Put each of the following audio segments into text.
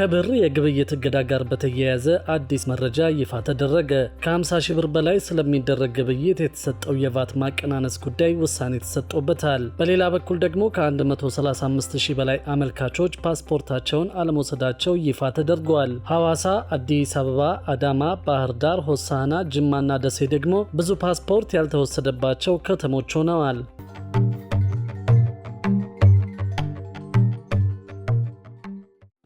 ከብር የግብይት እገዳ ጋር በተያያዘ አዲስ መረጃ ይፋ ተደረገ። ከ50 ሺህ ብር በላይ ስለሚደረግ ግብይት የተሰጠው የቫት ማቀናነስ ጉዳይ ውሳኔ ተሰጥቶበታል። በሌላ በኩል ደግሞ ከ135 ሺህ በላይ አመልካቾች ፓስፖርታቸውን አለመውሰዳቸው ይፋ ተደርጓል። ሐዋሳ፣ አዲስ አበባ፣ አዳማ፣ ባህር ዳር፣ ሆሳና፣ ጅማና ደሴ ደግሞ ብዙ ፓስፖርት ያልተወሰደባቸው ከተሞች ሆነዋል።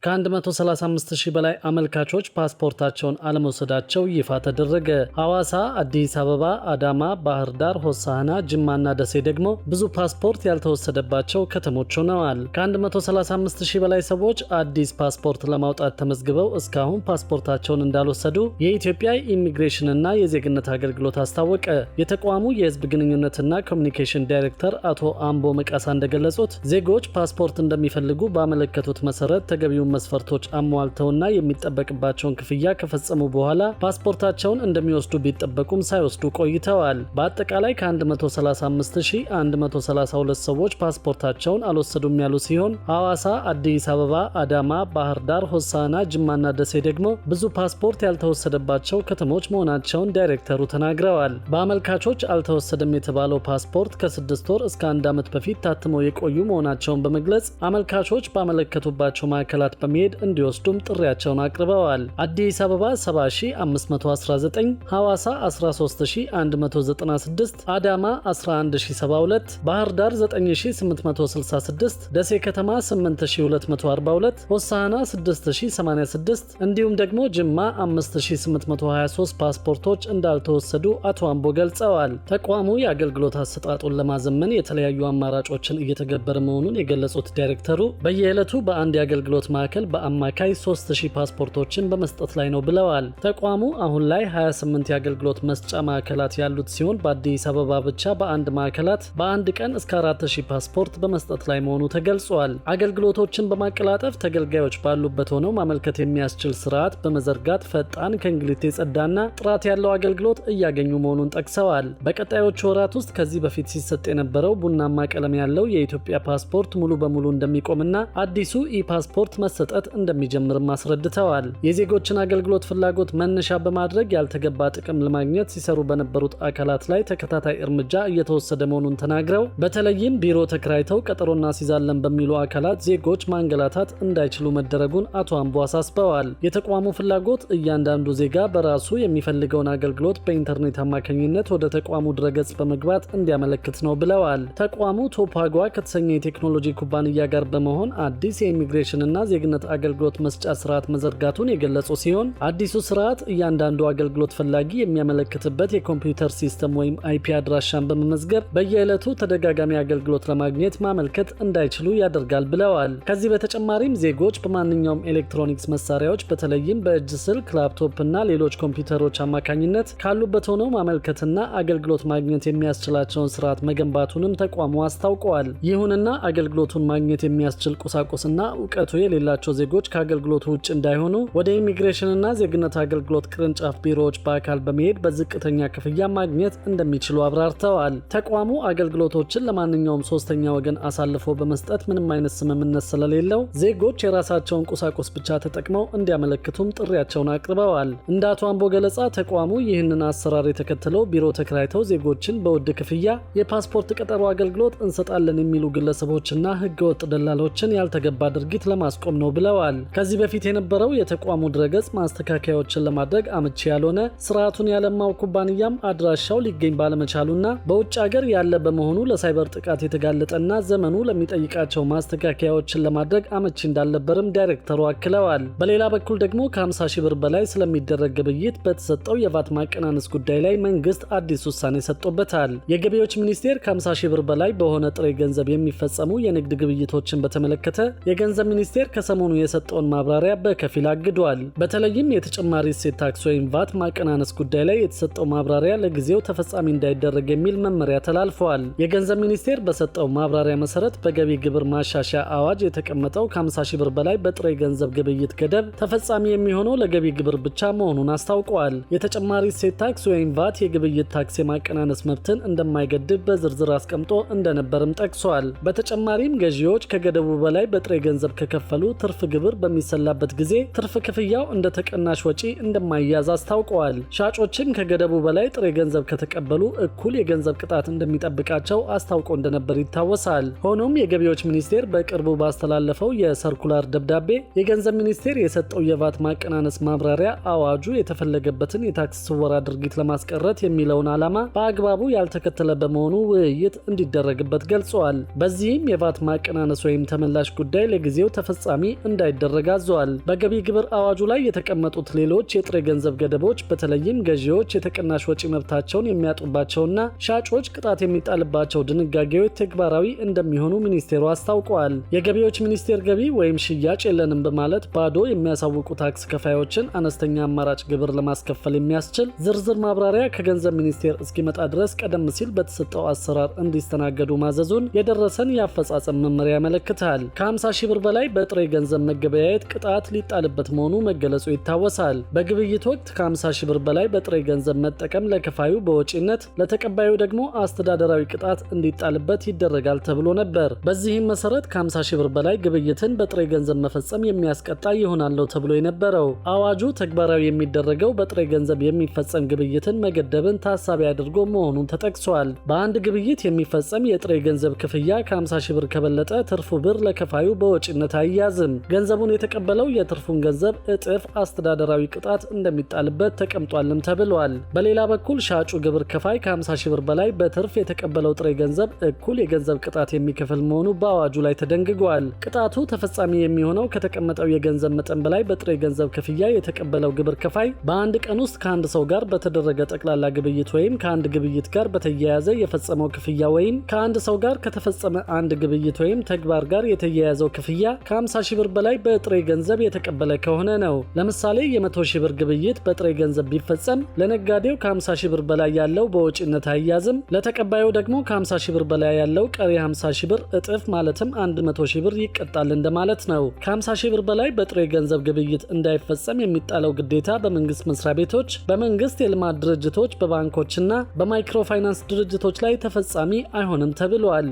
ከ135 ሺህ በላይ አመልካቾች ፓስፖርታቸውን አለመውሰዳቸው ይፋ ተደረገ። ሐዋሳ፣ አዲስ አበባ፣ አዳማ፣ ባህር ዳር፣ ሆሳህና፣ ጅማና ደሴ ደግሞ ብዙ ፓስፖርት ያልተወሰደባቸው ከተሞች ሆነዋል። ከ135 ሺህ በላይ ሰዎች አዲስ ፓስፖርት ለማውጣት ተመዝግበው እስካሁን ፓስፖርታቸውን እንዳልወሰዱ የኢትዮጵያ ኢሚግሬሽንና የዜግነት አገልግሎት አስታወቀ። የተቋሙ የህዝብ ግንኙነትና ኮሚኒኬሽን ዳይሬክተር አቶ አምቦ መቃሳ እንደገለጹት ዜጎች ፓስፖርት እንደሚፈልጉ ባመለከቱት መሰረት ተገቢውን መስፈርቶች አሟልተውና የሚጠበቅባቸውን ክፍያ ከፈጸሙ በኋላ ፓስፖርታቸውን እንደሚወስዱ ቢጠበቁም ሳይወስዱ ቆይተዋል። በአጠቃላይ ከ135132 ሰዎች ፓስፖርታቸውን አልወሰዱም ያሉ ሲሆን ሐዋሳ፣ አዲስ አበባ፣ አዳማ፣ ባህር ዳር፣ ሆሳና፣ ጅማና ደሴ ደግሞ ብዙ ፓስፖርት ያልተወሰደባቸው ከተሞች መሆናቸውን ዳይሬክተሩ ተናግረዋል። በአመልካቾች አልተወሰደም የተባለው ፓስፖርት ከስድስት ወር እስከ አንድ ዓመት በፊት ታትመው የቆዩ መሆናቸውን በመግለጽ አመልካቾች ባመለከቱባቸው ማዕከላት በመሄድ እንዲወስዱም ጥሪያቸውን አቅርበዋል። አዲስ አበባ 70519፣ ሐዋሳ 13196፣ አዳማ 11072፣ ባህር ዳር 9866፣ ደሴ ከተማ 8242፣ ሆሳና 6086 እንዲሁም ደግሞ ጅማ 5823 ፓስፖርቶች እንዳልተወሰዱ አቶ አምቦ ገልጸዋል። ተቋሙ የአገልግሎት አሰጣጡን ለማዘመን የተለያዩ አማራጮችን እየተገበረ መሆኑን የገለጹት ዳይሬክተሩ በየዕለቱ በአንድ የአገልግሎት ማዕከል ማዕከል በአማካይ 3000 ፓስፖርቶችን በመስጠት ላይ ነው ብለዋል። ተቋሙ አሁን ላይ 28 የአገልግሎት መስጫ ማዕከላት ያሉት ሲሆን በአዲስ አበባ ብቻ በአንድ ማዕከላት በአንድ ቀን እስከ 4000 ፓስፖርት በመስጠት ላይ መሆኑ ተገልጿል። አገልግሎቶችን በማቀላጠፍ ተገልጋዮች ባሉበት ሆነው ማመልከት የሚያስችል ስርዓት በመዘርጋት ፈጣን ከእንግልት የጸዳና ጥራት ያለው አገልግሎት እያገኙ መሆኑን ጠቅሰዋል። በቀጣዮቹ ወራት ውስጥ ከዚህ በፊት ሲሰጥ የነበረው ቡናማ ቀለም ያለው የኢትዮጵያ ፓስፖርት ሙሉ በሙሉ እንደሚቆምና አዲሱ ኢ ፓስፖርት መሰጠት እንደሚጀምርም አስረድተዋል። የዜጎችን አገልግሎት ፍላጎት መነሻ በማድረግ ያልተገባ ጥቅም ለማግኘት ሲሰሩ በነበሩት አካላት ላይ ተከታታይ እርምጃ እየተወሰደ መሆኑን ተናግረው በተለይም ቢሮ ተከራይተው ቀጠሮና ሲዛለን በሚሉ አካላት ዜጎች ማንገላታት እንዳይችሉ መደረጉን አቶ አምቦ አሳስበዋል። የተቋሙ ፍላጎት እያንዳንዱ ዜጋ በራሱ የሚፈልገውን አገልግሎት በኢንተርኔት አማካኝነት ወደ ተቋሙ ድረገጽ በመግባት እንዲያመለክት ነው ብለዋል። ተቋሙ ቶፓጓ ከተሰኘ የቴክኖሎጂ ኩባንያ ጋር በመሆን አዲስ የኢሚግሬሽንና ዜ የዜግነት አገልግሎት መስጫ ስርዓት መዘርጋቱን የገለጹ ሲሆን አዲሱ ስርዓት እያንዳንዱ አገልግሎት ፈላጊ የሚያመለክትበት የኮምፒውተር ሲስተም ወይም አይፒ አድራሻን በመመዝገብ በየዕለቱ ተደጋጋሚ አገልግሎት ለማግኘት ማመልከት እንዳይችሉ ያደርጋል ብለዋል። ከዚህ በተጨማሪም ዜጎች በማንኛውም ኤሌክትሮኒክስ መሳሪያዎች በተለይም በእጅ ስልክ፣ ላፕቶፕ እና ሌሎች ኮምፒውተሮች አማካኝነት ካሉበት ሆነው ማመልከትና አገልግሎት ማግኘት የሚያስችላቸውን ስርዓት መገንባቱንም ተቋሙ አስታውቀዋል። ይሁንና አገልግሎቱን ማግኘት የሚያስችል ቁሳቁስና እውቀቱ የሌላ ያላቸው ዜጎች ከአገልግሎት ውጭ እንዳይሆኑ ወደ ኢሚግሬሽንና ዜግነት አገልግሎት ቅርንጫፍ ቢሮዎች በአካል በመሄድ በዝቅተኛ ክፍያ ማግኘት እንደሚችሉ አብራርተዋል። ተቋሙ አገልግሎቶችን ለማንኛውም ሶስተኛ ወገን አሳልፎ በመስጠት ምንም አይነት ስምምነት ስለሌለው ዜጎች የራሳቸውን ቁሳቁስ ብቻ ተጠቅመው እንዲያመለክቱም ጥሪያቸውን አቅርበዋል። እንደ አቶ አምቦ ገለጻ ተቋሙ ይህንን አሰራር የተከተለው ቢሮ ተከራይተው ዜጎችን በውድ ክፍያ የፓስፖርት ቀጠሮ አገልግሎት እንሰጣለን የሚሉ ግለሰቦችና ህገወጥ ደላሎችን ያልተገባ ድርጊት ለማስቆም ነው ነው ብለዋል። ከዚህ በፊት የነበረው የተቋሙ ድረገጽ ማስተካከያዎችን ለማድረግ አመቺ ያልሆነ ስርዓቱን ያለማው ኩባንያም አድራሻው ሊገኝ ባለመቻሉና በውጭ ሀገር ያለ በመሆኑ ለሳይበር ጥቃት የተጋለጠና ዘመኑ ለሚጠይቃቸው ማስተካከያዎችን ለማድረግ አመቺ እንዳልነበርም ዳይሬክተሩ አክለዋል። በሌላ በኩል ደግሞ ከ50 ሺ ብር በላይ ስለሚደረግ ግብይት በተሰጠው የቫት ማቀናነስ ጉዳይ ላይ መንግስት አዲስ ውሳኔ ሰጥቶበታል። የገቢዎች ሚኒስቴር ከ50 ሺህ ብር በላይ በሆነ ጥሬ ገንዘብ የሚፈጸሙ የንግድ ግብይቶችን በተመለከተ የገንዘብ ሚኒስቴር ከ ከሰሞኑ የሰጠውን ማብራሪያ በከፊል አግዷል። በተለይም የተጨማሪ እሴት ታክስ ወይም ቫት ማቀናነስ ጉዳይ ላይ የተሰጠው ማብራሪያ ለጊዜው ተፈጻሚ እንዳይደረግ የሚል መመሪያ ተላልፈዋል። የገንዘብ ሚኒስቴር በሰጠው ማብራሪያ መሰረት በገቢ ግብር ማሻሻያ አዋጅ የተቀመጠው ከ50 ሺህ ብር በላይ በጥሬ ገንዘብ ግብይት ገደብ ተፈጻሚ የሚሆነው ለገቢ ግብር ብቻ መሆኑን አስታውቀዋል። የተጨማሪ እሴት ታክስ ወይም ቫት የግብይት ታክስ የማቀናነስ መብትን እንደማይገድብ በዝርዝር አስቀምጦ እንደነበርም ጠቅሷል። በተጨማሪም ገዢዎች ከገደቡ በላይ በጥሬ ገንዘብ ከከፈሉ ትርፍ ግብር በሚሰላበት ጊዜ ትርፍ ክፍያው እንደ ተቀናሽ ወጪ እንደማይያዝ አስታውቀዋል። ሻጮችም ከገደቡ በላይ ጥሬ ገንዘብ ከተቀበሉ እኩል የገንዘብ ቅጣት እንደሚጠብቃቸው አስታውቆ እንደነበር ይታወሳል። ሆኖም የገቢዎች ሚኒስቴር በቅርቡ ባስተላለፈው የሰርኩላር ደብዳቤ የገንዘብ ሚኒስቴር የሰጠው የቫት ማቀናነስ ማብራሪያ አዋጁ የተፈለገበትን የታክስ ስወራ ድርጊት ለማስቀረት የሚለውን ዓላማ በአግባቡ ያልተከተለ በመሆኑ ውይይት እንዲደረግበት ገልጸዋል። በዚህም የቫት ማቀናነስ ወይም ተመላሽ ጉዳይ ለጊዜው ተፈጻሚ እንዳይደረግ አዟል። በገቢ ግብር አዋጁ ላይ የተቀመጡት ሌሎች የጥሬ ገንዘብ ገደቦች በተለይም ገዢዎች የተቀናሽ ወጪ መብታቸውን የሚያጡባቸውና ሻጮች ቅጣት የሚጣልባቸው ድንጋጌዎች ተግባራዊ እንደሚሆኑ ሚኒስቴሩ አስታውቀዋል። የገቢዎች ሚኒስቴር ገቢ ወይም ሽያጭ የለንም በማለት ባዶ የሚያሳውቁ ታክስ ከፋዮችን አነስተኛ አማራጭ ግብር ለማስከፈል የሚያስችል ዝርዝር ማብራሪያ ከገንዘብ ሚኒስቴር እስኪመጣ ድረስ ቀደም ሲል በተሰጠው አሰራር እንዲስተናገዱ ማዘዙን የደረሰን የአፈጻጸም መመሪያ ያመለክታል። ከ50 ሺህ ብር በላይ በጥሬ ገንዘብ የገንዘብ መገበያየት ቅጣት ሊጣልበት መሆኑ መገለጹ ይታወሳል። በግብይት ወቅት ከ50 ሺህ ብር በላይ በጥሬ ገንዘብ መጠቀም ለከፋዩ በወጪነት ለተቀባዩ ደግሞ አስተዳደራዊ ቅጣት እንዲጣልበት ይደረጋል ተብሎ ነበር። በዚህም መሰረት ከ50 ሺህ ብር በላይ ግብይትን በጥሬ ገንዘብ መፈጸም የሚያስቀጣ ይሆናል ተብሎ የነበረው አዋጁ ተግባራዊ የሚደረገው በጥሬ ገንዘብ የሚፈጸም ግብይትን መገደብን ታሳቢ አድርጎ መሆኑን ተጠቅሷል። በአንድ ግብይት የሚፈጸም የጥሬ ገንዘብ ክፍያ ከ50 ሺህ ብር ከበለጠ ትርፉ ብር ለከፋዩ በወጪነት አይያዝም። አይያዝም። ገንዘቡን የተቀበለው የትርፉን ገንዘብ እጥፍ አስተዳደራዊ ቅጣት እንደሚጣልበት ተቀምጧልም ተብሏል። በሌላ በኩል ሻጩ ግብር ከፋይ ከ50 ሺ ብር በላይ በትርፍ የተቀበለው ጥሬ ገንዘብ እኩል የገንዘብ ቅጣት የሚከፍል መሆኑ በአዋጁ ላይ ተደንግጓል። ቅጣቱ ተፈጻሚ የሚሆነው ከተቀመጠው የገንዘብ መጠን በላይ በጥሬ ገንዘብ ክፍያ የተቀበለው ግብር ከፋይ በአንድ ቀን ውስጥ ከአንድ ሰው ጋር በተደረገ ጠቅላላ ግብይት ወይም ከአንድ ግብይት ጋር በተያያዘ የፈጸመው ክፍያ ወይም ከአንድ ሰው ጋር ከተፈጸመ አንድ ግብይት ወይም ተግባር ጋር የተያያዘው ክፍያ ከ50 ሺ ሺህ ብር በላይ በጥሬ ገንዘብ የተቀበለ ከሆነ ነው። ለምሳሌ የ100 ሺህ ብር ግብይት በጥሬ ገንዘብ ቢፈጸም ለነጋዴው ከ50 ሺህ ብር በላይ ያለው በወጪነት አይያዝም። ለተቀባዩ ደግሞ ከ50 ሺህ ብር በላይ ያለው ቀሪ 50 ሺህ ብር እጥፍ ማለትም 100 ሺህ ብር ይቀጣል እንደማለት ነው። ከ50 ሺህ ብር በላይ በጥሬ ገንዘብ ግብይት እንዳይፈጸም የሚጣለው ግዴታ በመንግስት መስሪያ ቤቶች፣ በመንግስት የልማት ድርጅቶች፣ በባንኮችና በማይክሮ ፋይናንስ ድርጅቶች ላይ ተፈጻሚ አይሆንም ተብሏል።